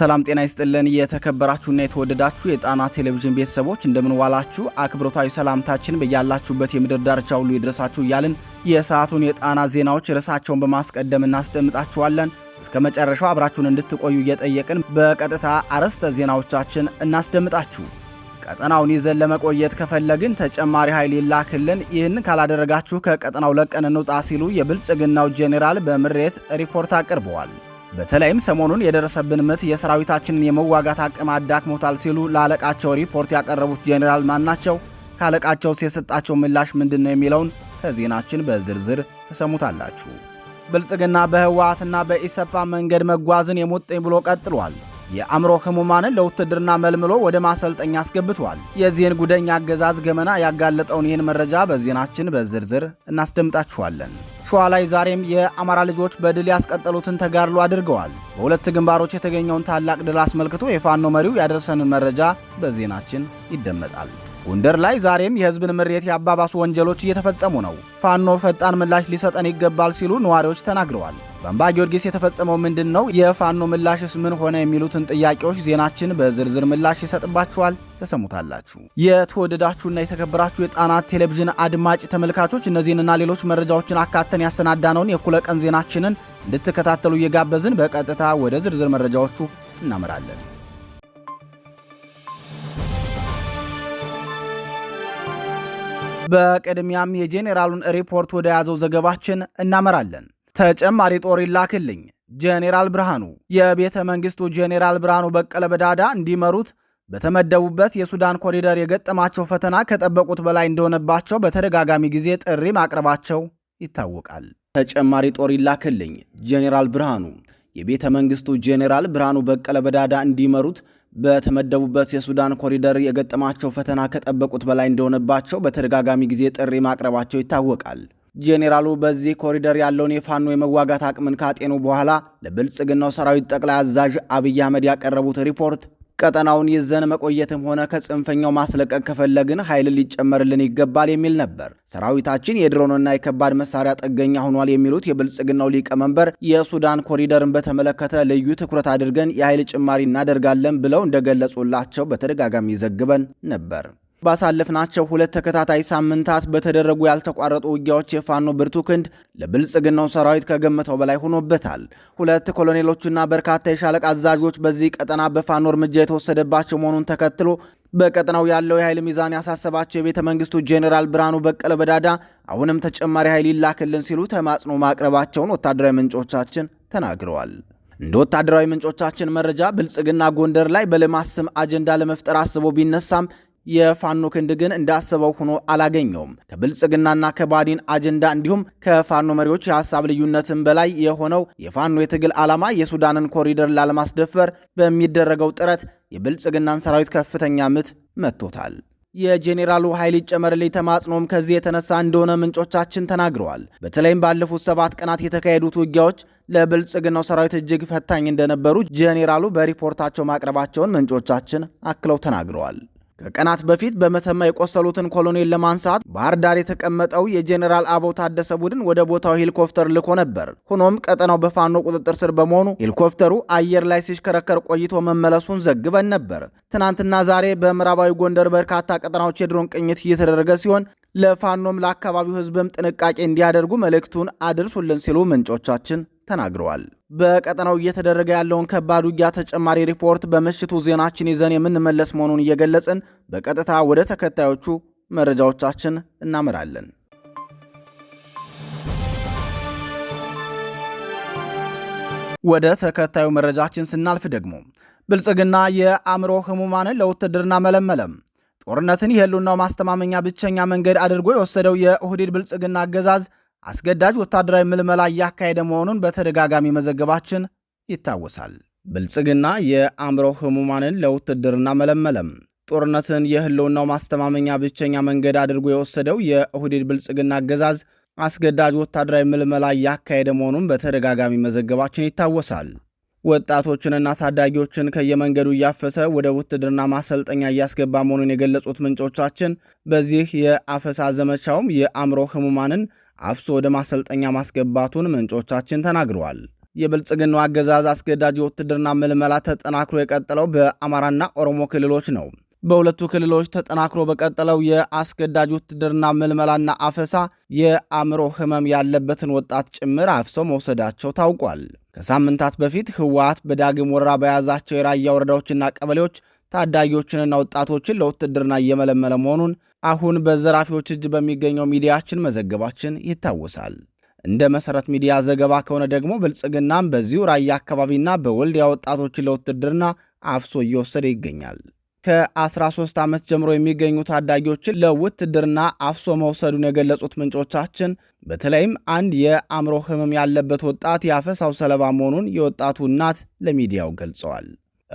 ሰላም ጤና ይስጥልን። የተከበራችሁና የተወደዳችሁ የጣና ቴሌቪዥን ቤተሰቦች እንደምንዋላችሁ፣ አክብሮታዊ ሰላምታችን በያላችሁበት የምድር ዳርቻ ሁሉ ይድረሳችሁ እያልን የሰዓቱን የጣና ዜናዎች ርዕሳቸውን በማስቀደም እናስደምጣችኋለን። እስከ መጨረሻው አብራችሁን እንድትቆዩ እየጠየቅን በቀጥታ አርዕስተ ዜናዎቻችን እናስደምጣችሁ። ቀጠናውን ይዘን ለመቆየት ከፈለግን ተጨማሪ ኃይል ይላክልን፣ ይህን ካላደረጋችሁ ከቀጠናው ለቀን እንውጣ ሲሉ የብልጽግናው ጄኔራል በምሬት ሪፖርት አቅርበዋል። በተለይም ሰሞኑን የደረሰብን ምት የሰራዊታችንን የመዋጋት አቅም አዳክሞታል ሲሉ ለአለቃቸው ሪፖርት ያቀረቡት ጄኔራል ማናቸው? ከአለቃቸውስ የሰጣቸው ምላሽ ምንድን ነው የሚለውን ከዜናችን በዝርዝር ትሰሙታላችሁ። ብልጽግና በህወሓትና በኢሰፓ መንገድ መጓዝን የሙጥኝ ብሎ ቀጥሏል። የአእምሮ ህሙማንን ለውትድርና መልምሎ ወደ ማሰልጠኛ አስገብቷል። የዚህን ጉደኛ አገዛዝ ገመና ያጋለጠውን ይህን መረጃ በዜናችን በዝርዝር እናስደምጣችኋለን። ሸዋ ላይ ዛሬም የአማራ ልጆች በድል ያስቀጠሉትን ተጋድሎ አድርገዋል። በሁለት ግንባሮች የተገኘውን ታላቅ ድል አስመልክቶ የፋኖ መሪው ያደረሰንን መረጃ በዜናችን ይደመጣል። ጎንደር ላይ ዛሬም የህዝብን ምሬት የአባባሱ ወንጀሎች እየተፈጸሙ ነው። ፋኖ ፈጣን ምላሽ ሊሰጠን ይገባል ሲሉ ነዋሪዎች ተናግረዋል። በአምባ ጊዮርጊስ የተፈጸመው ምንድን ነው? የፋኖ ምላሽስ ምን ሆነ? የሚሉትን ጥያቄዎች ዜናችን በዝርዝር ምላሽ ይሰጥባቸዋል ተሰሙታላችሁ። የተወደዳችሁና የተከበራችሁ የጣናት ቴሌቪዥን አድማጭ ተመልካቾች እነዚህንና ሌሎች መረጃዎችን አካተን ያሰናዳነውን የእኩለ ቀን ዜናችንን እንድትከታተሉ እየጋበዝን በቀጥታ ወደ ዝርዝር መረጃዎቹ እናመራለን። በቅድሚያም የጄኔራሉን ሪፖርት ወደ ያዘው ዘገባችን እናመራለን። ተጨማሪ ጦር ይላክልኝ ጄኔራል ብርሃኑ የቤተ መንግስቱ ጄኔራል ብርሃኑ በቀለ በዳዳ እንዲመሩት በተመደቡበት የሱዳን ኮሪደር የገጠማቸው ፈተና ከጠበቁት በላይ እንደሆነባቸው በተደጋጋሚ ጊዜ ጥሪ ማቅረባቸው ይታወቃል። ተጨማሪ ጦር ይላክልኝ ጄኔራል ብርሃኑ የቤተ መንግስቱ ጄኔራል ብርሃኑ በቀለ በዳዳ እንዲመሩት በተመደቡበት የሱዳን ኮሪደር የገጠማቸው ፈተና ከጠበቁት በላይ እንደሆነባቸው በተደጋጋሚ ጊዜ ጥሪ ማቅረባቸው ይታወቃል። ጄኔራሉ በዚህ ኮሪደር ያለውን የፋኖ የመዋጋት አቅምን ካጤኑ በኋላ ለብልጽግናው ሰራዊት ጠቅላይ አዛዥ አብይ አህመድ ያቀረቡት ሪፖርት ቀጠናውን ይዘን መቆየትም ሆነ ከጽንፈኛው ማስለቀቅ ከፈለግን ኃይል ሊጨመርልን ይገባል የሚል ነበር። ሰራዊታችን የድሮንና የከባድ መሳሪያ ጥገኛ ሆኗል የሚሉት የብልጽግናው ሊቀመንበር የሱዳን ኮሪደርን በተመለከተ ልዩ ትኩረት አድርገን የኃይል ጭማሪ እናደርጋለን ብለው እንደገለጹላቸው በተደጋጋሚ ዘግበን ነበር። ባሳለፍናቸው ሁለት ተከታታይ ሳምንታት በተደረጉ ያልተቋረጡ ውጊያዎች የፋኖ ብርቱ ክንድ ለብልጽግናው ሰራዊት ከገመተው በላይ ሆኖበታል። ሁለት ኮሎኔሎችና በርካታ የሻለቃ አዛዦች በዚህ ቀጠና በፋኖ እርምጃ የተወሰደባቸው መሆኑን ተከትሎ በቀጠናው ያለው የኃይል ሚዛን ያሳሰባቸው የቤተ መንግስቱ ጄኔራል ብርሃኑ በቀለ በዳዳ አሁንም ተጨማሪ ኃይል ይላክልን ሲሉ ተማጽኖ ማቅረባቸውን ወታደራዊ ምንጮቻችን ተናግረዋል። እንደ ወታደራዊ ምንጮቻችን መረጃ ብልጽግና ጎንደር ላይ በልማት ስም አጀንዳ ለመፍጠር አስቦ ቢነሳም የፋኖ ክንድ ግን እንዳሰበው ሆኖ አላገኘውም። ከብልጽግናና ከባዲን አጀንዳ እንዲሁም ከፋኖ መሪዎች የሀሳብ ልዩነትን በላይ የሆነው የፋኖ የትግል ዓላማ የሱዳንን ኮሪደር ላለማስደፈር በሚደረገው ጥረት የብልጽግናን ሰራዊት ከፍተኛ ምት መጥቶታል። የጄኔራሉ ኃይል ይጨመርልኝ ተማጽኖም ከዚህ የተነሳ እንደሆነ ምንጮቻችን ተናግረዋል። በተለይም ባለፉት ሰባት ቀናት የተካሄዱት ውጊያዎች ለብልጽግናው ሰራዊት እጅግ ፈታኝ እንደነበሩ ጄኔራሉ በሪፖርታቸው ማቅረባቸውን ምንጮቻችን አክለው ተናግረዋል። ከቀናት በፊት በመተማ የቆሰሉትን ኮሎኔል ለማንሳት ባህር ዳር የተቀመጠው የጄኔራል አበው ታደሰ ቡድን ወደ ቦታው ሄሊኮፕተር ልኮ ነበር። ሆኖም ቀጠናው በፋኖ ቁጥጥር ስር በመሆኑ ሄሊኮፕተሩ አየር ላይ ሲሽከረከር ቆይቶ መመለሱን ዘግበን ነበር። ትናንትና ዛሬ በምዕራባዊ ጎንደር በርካታ ቀጠናዎች የድሮን ቅኝት እየተደረገ ሲሆን ለፋኖም ለአካባቢው ሕዝብም ጥንቃቄ እንዲያደርጉ መልእክቱን አድርሱልን ሲሉ ምንጮቻችን ተናግረዋል። በቀጠናው እየተደረገ ያለውን ከባድ ውጊያ ተጨማሪ ሪፖርት በምሽቱ ዜናችን ይዘን የምንመለስ መሆኑን እየገለጽን በቀጥታ ወደ ተከታዮቹ መረጃዎቻችን እናመራለን። ወደ ተከታዩ መረጃችን ስናልፍ ደግሞ ብልጽግና የአእምሮ ህሙማንን ለውትድርና መለመለም። ጦርነትን የህልውናው ማስተማመኛ ብቸኛ መንገድ አድርጎ የወሰደው የኦህዴድ ብልጽግና አገዛዝ አስገዳጅ ወታደራዊ ምልመላ እያካሄደ መሆኑን በተደጋጋሚ መዘገባችን ይታወሳል። ብልጽግና የአእምሮ ህሙማንን ለውትድርና መለመለም። ጦርነትን የህልውናው ማስተማመኛ ብቸኛ መንገድ አድርጎ የወሰደው የእሁዴድ ብልጽግና አገዛዝ አስገዳጅ ወታደራዊ ምልመላ እያካሄደ መሆኑን በተደጋጋሚ መዘገባችን ይታወሳል። ወጣቶችንና ታዳጊዎችን ከየመንገዱ እያፈሰ ወደ ውትድርና ማሰልጠኛ እያስገባ መሆኑን የገለጹት ምንጮቻችን በዚህ የአፈሳ ዘመቻውም የአእምሮ ህሙማንን አፍሶ ወደ ማሰልጠኛ ማስገባቱን ምንጮቻችን ተናግረዋል። የብልጽግናው አገዛዝ አስገዳጅ የውትድርና ምልመላ ተጠናክሮ የቀጠለው በአማራና ኦሮሞ ክልሎች ነው። በሁለቱ ክልሎች ተጠናክሮ በቀጠለው የአስገዳጅ ውትድርና ምልመላና አፈሳ የአእምሮ ህመም ያለበትን ወጣት ጭምር አፍሰው መውሰዳቸው ታውቋል። ከሳምንታት በፊት ህወሓት በዳግም ወረራ በያዛቸው የራያ ወረዳዎችና ቀበሌዎች ታዳጊዎችንና ወጣቶችን ለውትድርና እየመለመለ መሆኑን አሁን በዘራፊዎች እጅ በሚገኘው ሚዲያችን መዘገባችን ይታወሳል። እንደ መሰረት ሚዲያ ዘገባ ከሆነ ደግሞ ብልጽግናም በዚሁ ራያ አካባቢና በወልዲያ ወጣቶችን ለውትድርና አፍሶ እየወሰደ ይገኛል። ከ13 ዓመት ጀምሮ የሚገኙ ታዳጊዎችን ለውትድርና አፍሶ መውሰዱን የገለጹት ምንጮቻችን በተለይም አንድ የአእምሮ ሕመም ያለበት ወጣት የአፈሳው ሰለባ መሆኑን የወጣቱ እናት ለሚዲያው ገልጸዋል።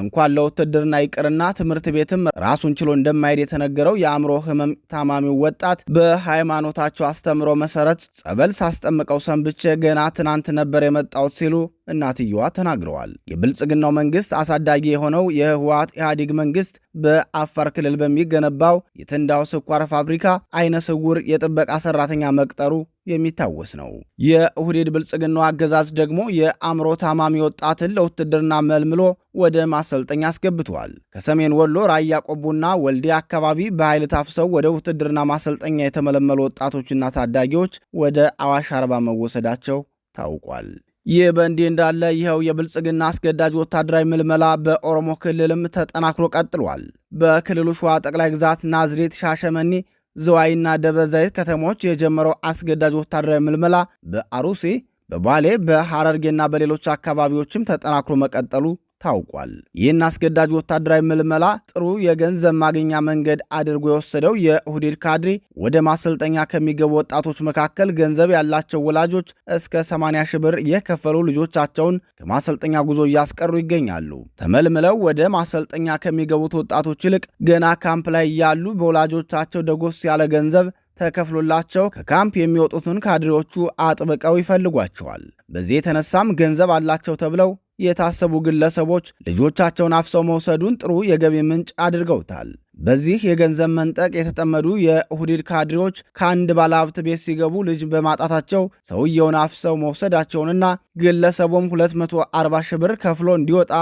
እንኳን ለውትድርና ይቅርና ትምህርት ቤትም ራሱን ችሎ እንደማይሄድ የተነገረው የአእምሮ ህመም ታማሚው ወጣት በሃይማኖታቸው አስተምሮ መሰረት ጸበል ሳስጠምቀው ሰንብቼ ገና ትናንት ነበር የመጣሁት ሲሉ እናትየዋ ተናግረዋል። የብልጽግናው መንግስት አሳዳጊ የሆነው የህወሓት ኢህአዴግ መንግስት በአፋር ክልል በሚገነባው የትንዳው ስኳር ፋብሪካ አይነ ስውር የጥበቃ ሰራተኛ መቅጠሩ የሚታወስ ነው። የኦህዴድ ብልጽግናው አገዛዝ ደግሞ የአእምሮ ታማሚ ወጣትን ለውትድርና መልምሎ ወደ ማሰልጠኛ አስገብቷል። ከሰሜን ወሎ ራያ ቆቦና ወልዲያ አካባቢ በኃይል ታፍሰው ወደ ውትድርና ማሰልጠኛ የተመለመሉ ወጣቶችና ታዳጊዎች ወደ አዋሽ አርባ መወሰዳቸው ታውቋል። ይህ በእንዲህ እንዳለ ይኸው የብልጽግና አስገዳጅ ወታደራዊ ምልመላ በኦሮሞ ክልልም ተጠናክሮ ቀጥሏል። በክልሉ ሸዋ ጠቅላይ ግዛት ናዝሬት፣ ሻሸመኔ ዝዋይና ደብረ ዘይት ከተሞች የጀመረው አስገዳጅ ወታደራዊ ምልመላ በአሩሲ፣ በባሌ፣ በሐረርጌና በሌሎች አካባቢዎችም ተጠናክሮ መቀጠሉ ታውቋል። ይህን አስገዳጅ ወታደራዊ ምልመላ ጥሩ የገንዘብ ማግኛ መንገድ አድርጎ የወሰደው የሁዲድ ካድሪ ወደ ማሰልጠኛ ከሚገቡ ወጣቶች መካከል ገንዘብ ያላቸው ወላጆች እስከ 80 ሺህ ብር የከፈሉ ልጆቻቸውን ከማሰልጠኛ ጉዞ እያስቀሩ ይገኛሉ። ተመልምለው ወደ ማሰልጠኛ ከሚገቡት ወጣቶች ይልቅ ገና ካምፕ ላይ እያሉ በወላጆቻቸው ደጎስ ያለ ገንዘብ ተከፍሎላቸው ከካምፕ የሚወጡትን ካድሬዎቹ አጥብቀው ይፈልጓቸዋል። በዚህ የተነሳም ገንዘብ አላቸው ተብለው የታሰቡ ግለሰቦች ልጆቻቸውን አፍሰው መውሰዱን ጥሩ የገቢ ምንጭ አድርገውታል። በዚህ የገንዘብ መንጠቅ የተጠመዱ የሁዲድ ካድሬዎች ከአንድ ባለሀብት ቤት ሲገቡ ልጅ በማጣታቸው ሰውየውን አፍሰው መውሰዳቸውንና ግለሰቡም 240 ሺህ ብር ከፍሎ እንዲወጣ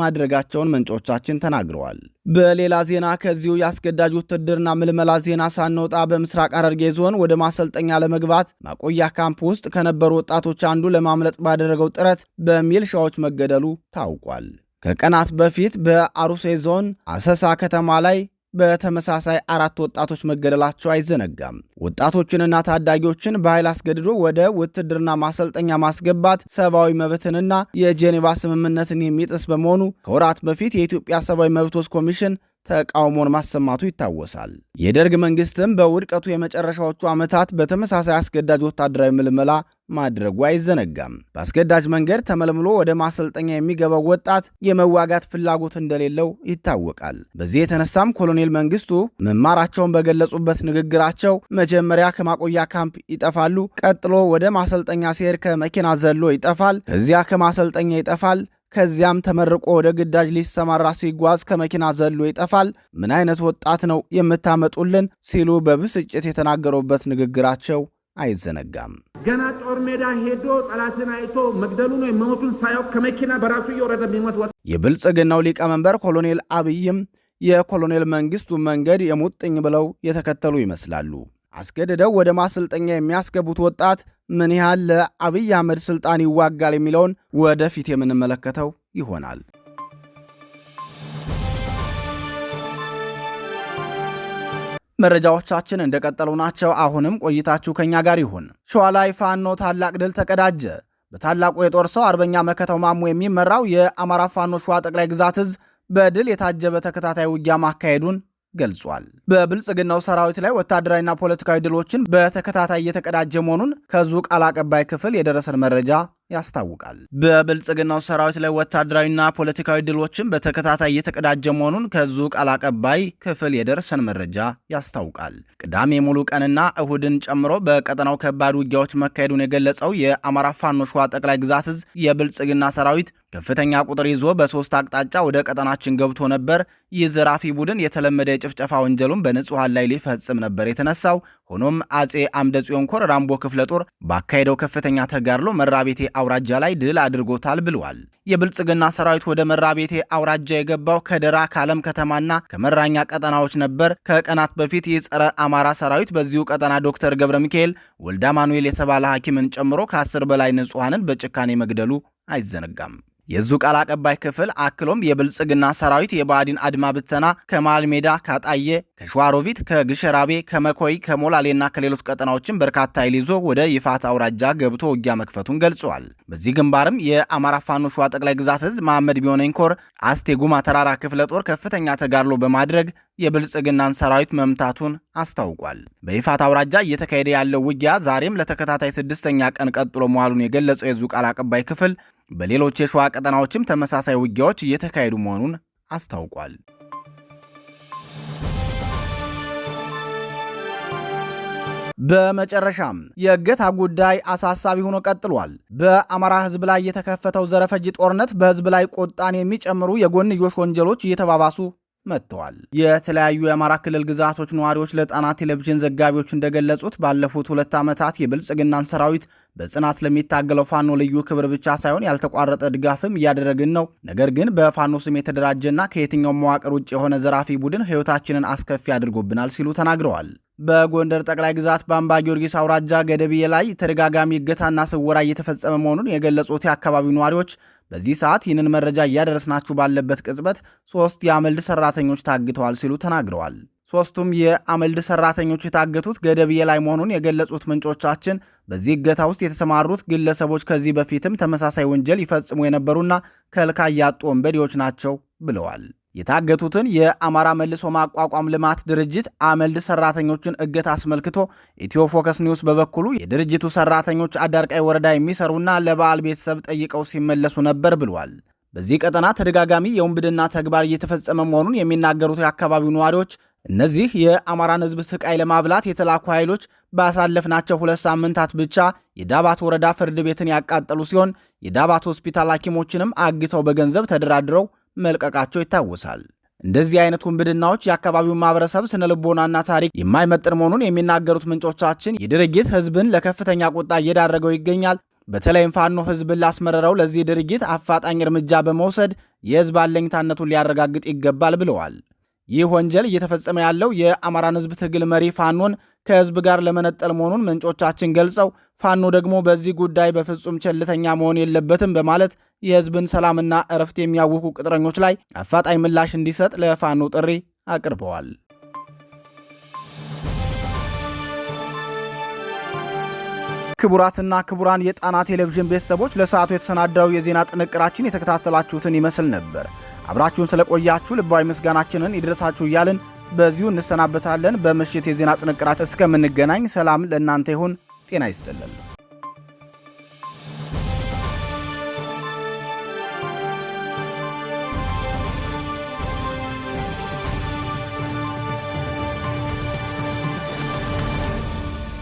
ማድረጋቸውን ምንጮቻችን ተናግረዋል። በሌላ ዜና ከዚሁ የአስገዳጅ ውትድርና ምልመላ ዜና ሳንወጣ በምስራቅ ሐረርጌ ዞን ወደ ማሰልጠኛ ለመግባት ማቆያ ካምፕ ውስጥ ከነበሩ ወጣቶች አንዱ ለማምለጥ ባደረገው ጥረት በሚልሻዎች መገደሉ ታውቋል። ከቀናት በፊት በአሩሴ ዞን አሰሳ ከተማ ላይ በተመሳሳይ አራት ወጣቶች መገደላቸው አይዘነጋም። ወጣቶችንና ታዳጊዎችን በኃይል አስገድዶ ወደ ውትድርና ማሰልጠኛ ማስገባት ሰብአዊ መብትንና የጄኔቫ ስምምነትን የሚጥስ በመሆኑ ከወራት በፊት የኢትዮጵያ ሰብአዊ መብቶች ኮሚሽን ተቃውሞን ማሰማቱ ይታወሳል። የደርግ መንግስትም በውድቀቱ የመጨረሻዎቹ ዓመታት በተመሳሳይ አስገዳጅ ወታደራዊ ምልመላ ማድረጉ አይዘነጋም። በአስገዳጅ መንገድ ተመልምሎ ወደ ማሰልጠኛ የሚገባው ወጣት የመዋጋት ፍላጎት እንደሌለው ይታወቃል። በዚህ የተነሳም ኮሎኔል መንግስቱ መማራቸውን በገለጹበት ንግግራቸው መጀመሪያ ከማቆያ ካምፕ ይጠፋሉ፣ ቀጥሎ ወደ ማሰልጠኛ ሲሄድ ከመኪና ዘሎ ይጠፋል፣ ከዚያ ከማሰልጠኛ ይጠፋል ከዚያም ተመርቆ ወደ ግዳጅ ሊሰማራ ሲጓዝ ከመኪና ዘሎ ይጠፋል። ምን አይነት ወጣት ነው የምታመጡልን? ሲሉ በብስጭት የተናገሩበት ንግግራቸው አይዘነጋም። ገና ጦር ሜዳ ሄዶ ጠላትን አይቶ መግደሉን ወይም መሞቱን ሳያውቅ ከመኪና በራሱ እየወረደ ቢሞት ወ የብልጽግናው ሊቀመንበር ኮሎኔል አብይም የኮሎኔል መንግስቱ መንገድ የሙጥኝ ብለው የተከተሉ ይመስላሉ። አስገድደው ወደ ማሰልጠኛ የሚያስገቡት ወጣት ምን ያህል ለአብይ አህመድ ስልጣን ይዋጋል የሚለውን ወደፊት የምንመለከተው ይሆናል። መረጃዎቻችን እንደቀጠሉ ናቸው። አሁንም ቆይታችሁ ከኛ ጋር ይሁን። ሸዋ ላይ ፋኖ ታላቅ ድል ተቀዳጀ። በታላቁ የጦር ሰው አርበኛ መከተው ማሙ የሚመራው የአማራ ፋኖ ሸዋ ጠቅላይ ግዛት እዝ በድል የታጀበ ተከታታይ ውጊያ ማካሄዱን ገልጿል። በብልጽግናው ሰራዊት ላይ ወታደራዊና ፖለቲካዊ ድሎችን በተከታታይ እየተቀዳጀ መሆኑን ከዙ ቃል አቀባይ ክፍል የደረሰን መረጃ ያስታውቃል። በብልጽግናው ሰራዊት ላይ ወታደራዊና ፖለቲካዊ ድሎችን በተከታታይ እየተቀዳጀ መሆኑን ከዙ ቃል አቀባይ ክፍል የደረሰን መረጃ ያስታውቃል። ቅዳሜ ሙሉ ቀንና እሁድን ጨምሮ በቀጠናው ከባድ ውጊያዎች መካሄዱን የገለጸው የአማራ ፋኖ ሸዋ ጠቅላይ ግዛት እዝ የብልጽግና ሰራዊት ከፍተኛ ቁጥር ይዞ በሶስት አቅጣጫ ወደ ቀጠናችን ገብቶ ነበር። ይህ ዘራፊ ቡድን የተለመደ የጭፍጨፋ ወንጀሉን በንጹሐን ላይ ሊፈጽም ነበር የተነሳው። ሆኖም አጼ አምደ ጽዮን ኮር ራምቦ ክፍለ ጦር ባካሄደው ከፍተኛ ተጋድሎ መራቤቴ አውራጃ ላይ ድል አድርጎታል ብለዋል። የብልጽግና ሰራዊት ወደ መራቤቴ አውራጃ የገባው ከደራ ከዓለም ከተማና ከመራኛ ቀጠናዎች ነበር። ከቀናት በፊት ይህ አማራ ሰራዊት በዚሁ ቀጠና ዶክተር ገብረ ሚካኤል ወልዳ ማኑኤል የተባለ ሐኪምን ጨምሮ ከአስር በላይ ንጹሐንን በጭካኔ መግደሉ አይዘነጋም። የዙ ቃል አቀባይ ክፍል አክሎም የብልጽግና ሰራዊት የባዲን አድማ ብተና ከማል ሜዳ፣ ካጣየ፣ ከሸዋሮቢት፣ ከግሸራቤ፣ ከመኮይ፣ ከሞላሌና ከሌሎች ቀጠናዎችን በርካታ ኃይል ይዞ ወደ ይፋት አውራጃ ገብቶ ውጊያ መክፈቱን ገልጿል። በዚህ ግንባርም የአማራ ፋኖ ሸዋ ጠቅላይ ግዛት ህዝብ መሐመድ ቢሆነኝ ኮር አስቴ ጉማ ተራራ ክፍለ ጦር ከፍተኛ ተጋድሎ በማድረግ የብልጽግናን ሰራዊት መምታቱን አስታውቋል። በይፋት አውራጃ እየተካሄደ ያለው ውጊያ ዛሬም ለተከታታይ ስድስተኛ ቀን ቀጥሎ መዋሉን የገለጸው የዙ ቃል አቀባይ ክፍል በሌሎች የሸዋ ቀጠናዎችም ተመሳሳይ ውጊያዎች እየተካሄዱ መሆኑን አስታውቋል። በመጨረሻም የእገታ ጉዳይ አሳሳቢ ሆኖ ቀጥሏል። በአማራ ሕዝብ ላይ የተከፈተው ዘረፈጅ ጦርነት በሕዝብ ላይ ቁጣን የሚጨምሩ የጎንዮሽ ወንጀሎች እየተባባሱ መጥተዋል። የተለያዩ የአማራ ክልል ግዛቶች ነዋሪዎች ለጣና ቴሌቪዥን ዘጋቢዎች እንደገለጹት ባለፉት ሁለት ዓመታት የብልጽግናን ሰራዊት በጽናት ለሚታገለው ፋኖ ልዩ ክብር ብቻ ሳይሆን ያልተቋረጠ ድጋፍም እያደረግን ነው። ነገር ግን በፋኖ ስም የተደራጀና ከየትኛው መዋቅር ውጭ የሆነ ዘራፊ ቡድን ሕይወታችንን አስከፊ አድርጎብናል ሲሉ ተናግረዋል። በጎንደር ጠቅላይ ግዛት በአምባ ጊዮርጊስ አውራጃ ገደብዬ ላይ ተደጋጋሚ እገታና ስወራ እየተፈጸመ መሆኑን የገለጹት የአካባቢው ነዋሪዎች በዚህ ሰዓት ይህንን መረጃ እያደረስናችሁ ባለበት ቅጽበት ሶስት የአመልድ ሰራተኞች ታግተዋል ሲሉ ተናግረዋል። ሶስቱም የአመልድ ሰራተኞች የታገቱት ገደብዬ ላይ መሆኑን የገለጹት ምንጮቻችን በዚህ እገታ ውስጥ የተሰማሩት ግለሰቦች ከዚህ በፊትም ተመሳሳይ ወንጀል ይፈጽሙ የነበሩና ከልካ ያጡ ወንበዴዎች ናቸው ብለዋል። የታገቱትን የአማራ መልሶ ማቋቋም ልማት ድርጅት አመልድ ሰራተኞችን እገት አስመልክቶ ኢትዮ ፎከስ ኒውስ በበኩሉ የድርጅቱ ሰራተኞች አዳርቃይ ወረዳ የሚሰሩና ለበዓል ቤተሰብ ጠይቀው ሲመለሱ ነበር ብሏል። በዚህ ቀጠና ተደጋጋሚ የውንብድና ተግባር እየተፈጸመ መሆኑን የሚናገሩት የአካባቢው ነዋሪዎች እነዚህ የአማራን ሕዝብ ስቃይ ለማብላት የተላኩ ኃይሎች ባሳለፍናቸው ሁለት ሳምንታት ብቻ የዳባት ወረዳ ፍርድ ቤትን ያቃጠሉ ሲሆን የዳባት ሆስፒታል ሐኪሞችንም አግተው በገንዘብ ተደራድረው መልቀቃቸው ይታወሳል። እንደዚህ አይነት ውንብድናዎች የአካባቢውን ማህበረሰብ ስነ ልቦናና ታሪክ የማይመጥን መሆኑን የሚናገሩት ምንጮቻችን የድርጊት ህዝብን ለከፍተኛ ቁጣ እየዳረገው ይገኛል። በተለይም ፋኖ ህዝብን ላስመረረው ለዚህ ድርጊት አፋጣኝ እርምጃ በመውሰድ የህዝብ አለኝታነቱን ሊያረጋግጥ ይገባል ብለዋል። ይህ ወንጀል እየተፈጸመ ያለው የአማራን ህዝብ ትግል መሪ ፋኖን ከህዝብ ጋር ለመነጠል መሆኑን ምንጮቻችን ገልጸው ፋኖ ደግሞ በዚህ ጉዳይ በፍጹም ቸልተኛ መሆን የለበትም በማለት የህዝብን ሰላምና እረፍት የሚያውኩ ቅጥረኞች ላይ አፋጣኝ ምላሽ እንዲሰጥ ለፋኖ ጥሪ አቅርበዋል። ክቡራትና ክቡራን የጣና ቴሌቪዥን ቤተሰቦች ለሰዓቱ የተሰናዳው የዜና ጥንቅራችን የተከታተላችሁትን ይመስል ነበር። አብራችሁን ስለቆያችሁ ልባዊ ምስጋናችንን ይድረሳችሁ እያልን በዚሁ እንሰናበታለን። በምሽት የዜና ጥንቅራት እስከምንገናኝ ሰላም ለእናንተ ይሁን። ጤና ይስጥልን።